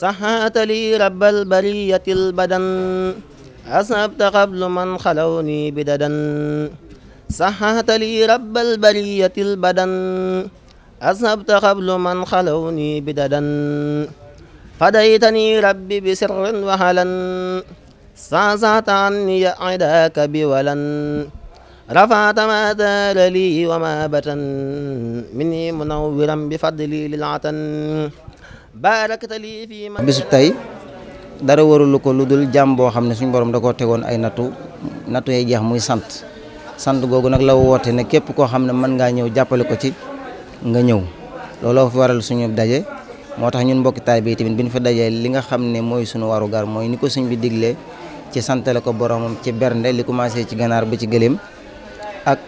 صحات لي رب البرية البدن أصبت قبل من خلوني بددا صحات لي رب البرية البدن أصبت قبل من خلوني بددا فديتني ربي بسر وهلا صعصعت عني عداك بولن رفعت ما دار لي وما بتن مني منورا بفضلي للعتن bisub tay dara warulu ko lu dul jàmm boo xam ne suñ borom da ko tegoon ay nattu natu ye jeex muy sant sante googu nak la wote ne kep ko xamne man nga ñew jappale ko ci nga ñew lolo fi waral suñu daje motax ñun mbokk tay bi tamit bi fa dajje li nga xamne moy suñu waru gar moy niko suñu bi diglé ci santale ko boromam ci bernde li commencé ci ganar bi ci ak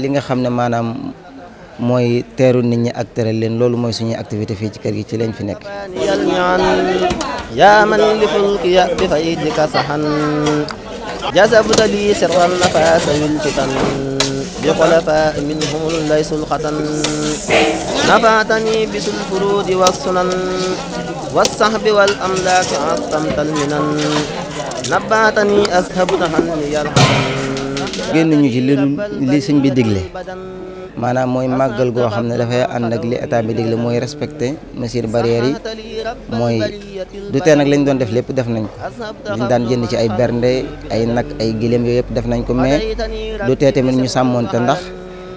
li nga xamne manam mooy teeru nit ñi ak teral leen loolu mooy suñuy activité fii ci kër gi ci lañ fi nekk yaa man li fulki ya bi li sirran nafasa yulfitan bi xulafa minhum lay sulxatan nafatani bisul furudi wa sunan wa sahbi wal amlaki astamtal minan nabatani ashabu taxan ni yalxatan génn ñu ci li li sëñ bi digle maanaam mooy màggal goo xam ne dafay ànd ak li état bi digle mooy respecte mesures barrières yi mooy du tee nag lañ doon def lépp def nañ ko liñ daan jënd ci ay bernde ay nag ay giléem yëpp def nañ ko mais du tee tamit ñu sàmmoonte ndax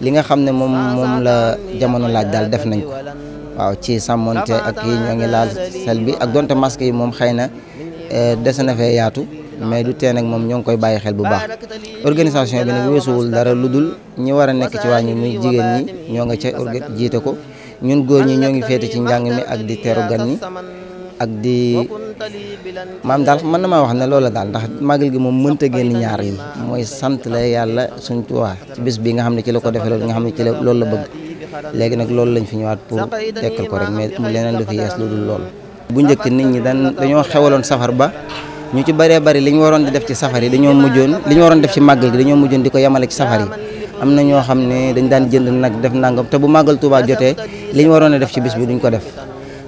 li nga xam ne moom moom la jamono laaj daal def nañ ko waaw ci sàmmoonte ak yi ñoo ngi laal sel bi ak donte masque yi moom xëy na eh, dese na fee yaatu mais du tee nag moom ñoo ngi koy bàyyi xel bu baax organisation bi nag weesuwul dara lu dul ñi war a nekk ci wàññi muy jigéen ñi ñoo nga ca orga jiite ko ñun góor ñi ñoo ngi féete ci njàng mi ak di teru gan ak di maam daal mën na maa wax ne loola daal ndax màggal gi moom mënta génn ñaar yi mooy sant la yàlla suñ tuwaa ci bis bi nga xam ne ci la ko defee loolu nga xam ne ci la loolu la bëgg léegi nag loolu lañ fi ñëwaat pour tekkal ko rek mais mu leneen lu fi yees lu dul loolu bu njëkk nit ñi daan dañoo xewaloon safar ba ñu ci bëree bëri li ñu waroon di def ci safar yi dañoo mujjoon li ñu waroon def ci màggal gi dañoo mujjoon di ko yemale ci safar yi am na ñoo xam ne dañ daan jënd nag def nangam te bu màggal Tuubaa jotee li ñu waroon a def ci bis bi duñ ko def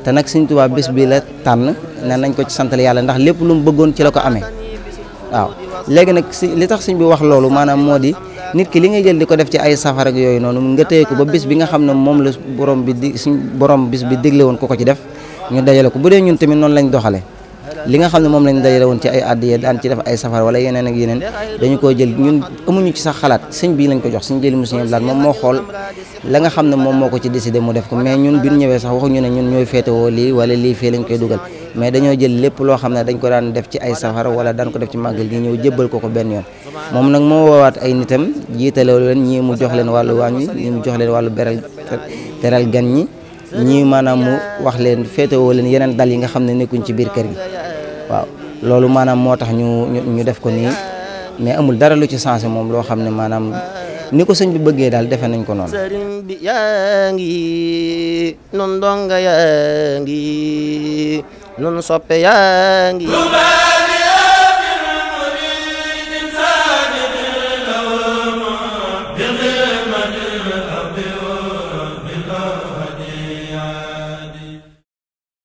te nag Sëñ Tuubaa bis bi la tànn ne nañ ko ci santal yàlla ndax lépp lu mu bëggoon ci la ko amee waaw léegi nag si li tax sëñ bi wax loolu maanaam moo di nit ki li ngay jël di ko def ci ay safar yooyu noonu nga téye ko ba bis bi nga xam ne moom la borom bi di suñ borom bis bi dégle woon ko ko ci def ñu dajale ko bu dee ñun tamit noonu lañ doxale li nga xam ne moom lañ dajale woon ci ay àddiya daan ci def ay safar wala yeneen ak yeneen dañu koo jël ñun amuñu ci sax xalaat sëñ bii lañ ko jox sëñ jëli mu sëñ laat moom moo xool la nga xam ne moom moo ko ci décidé mu def ko mais ñun bi ñu ñëwee sax waxuñu ne ñun ñooy féetewoo lii wala lii fii lañ koy dugal mais dañoo jël lépp loo xam ne dañ ko daan def ci ay safar wala daan ko def ci màggal gi ñëw jébbal ko ko benn yoon moom nag moo woowaat ay nitam jiitale leen ñii mu jox leen wàllu waañ wi ñii mu jox leen wàllu beral teral gan ñi ñi manam wax leen fété wo leen yenen dal yi nga xamné nekkun ci biir kër gi waaw loolu manam motax ñu ñu def ko ni mais amul dara lu ci sensé mom lo xamné manam maanaam ni ko sëñ bi bëggé dal défé nañ ko non sëriñ bi yaangi ngi donga yaa ngi nun soppe yaa